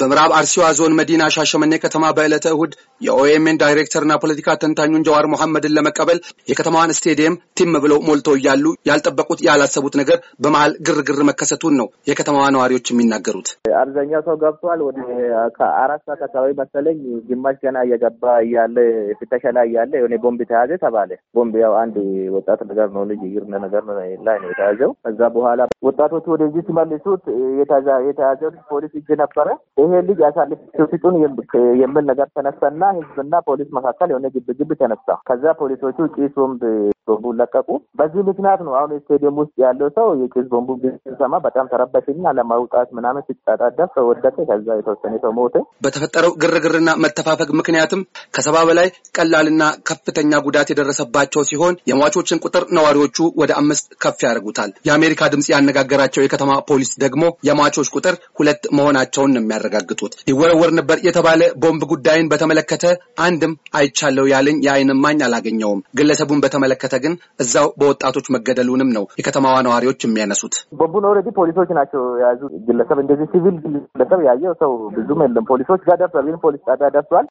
በምዕራብ አርሲዋ ዞን መዲና ሻሸመኔ ከተማ በዕለተ እሁድ የኦኤምኤን ዳይሬክተርና ፖለቲካ ተንታኙን ጀዋር መሐመድን ለመቀበል የከተማዋን ስቴዲየም ቲም ብለው ሞልተው እያሉ ያልጠበቁት ያላሰቡት ነገር በመሀል ግርግር መከሰቱን ነው የከተማዋ ነዋሪዎች የሚናገሩት። አብዛኛው ሰው ገብቷል። ወደ ከአራት ሰዓት አካባቢ መሰለኝ ግማሽ ገና እየገባ እያለ ፍተሻ ላይ እያለ የሆነ ቦምብ ተያዘ ተባለ። ቦምብ ያው አንድ ወጣት ነገር ነው ልጅ ይር ነገር ላይ ነው የተያዘው። ከዛ በኋላ ወጣቶቹ ወደዚህ ሲመልሱት የተያዘ ፖሊስ እጅ ነበረ ይሄ ልጅ አሳልፈው ስጡን የሚል ነገር ተነሳና ህዝብና ፖሊስ መካከል የሆነ ግብግብ ተነሳ። ከዛ ፖሊሶቹ ጭስ ቦምብ ቦምቡ ለቀቁ። በዚህ ምክንያት ነው አሁን ስቴዲየም ውስጥ ያለው ሰው የጭስ ቦምቡ ሰማ፣ በጣም ተረበሽና ለማውጣት ምናምን ሲጣጣደፍ ሰው ወደቀ። ከዛ የተወሰነ ሰው ሞተ። በተፈጠረው ግርግርና መተፋፈግ ምክንያትም ከሰባ በላይ ቀላልና ከፍተኛ ጉዳት የደረሰባቸው ሲሆን የሟቾችን ቁጥር ነዋሪዎቹ ወደ አምስት ከፍ ያደርጉታል። የአሜሪካ ድምፅ ያነጋገራቸው የከተማ ፖሊስ ደግሞ የሟቾች ቁጥር ሁለት መሆናቸውን ነው የሚያረጋግጡት። ይወረወር ነበር የተባለ ቦምብ ጉዳይን በተመለከተ አንድም አይቻለው ያለኝ የአይን እማኝ አላገኘውም። ግለሰቡን በተመለከተ በተመለከተ ግን እዛው በወጣቶች መገደሉንም ነው የከተማዋ ነዋሪዎች የሚያነሱት። ቦምቡን ኦልሬዲ ፖሊሶች ናቸው የያዙ ግለሰብ እንደዚህ ሲቪል ግለሰብ ያየው ሰው ብዙም የለም። ፖሊሶች ጋር ደርሷል። ግን ፖሊስ ጣቢያ ደርሷል።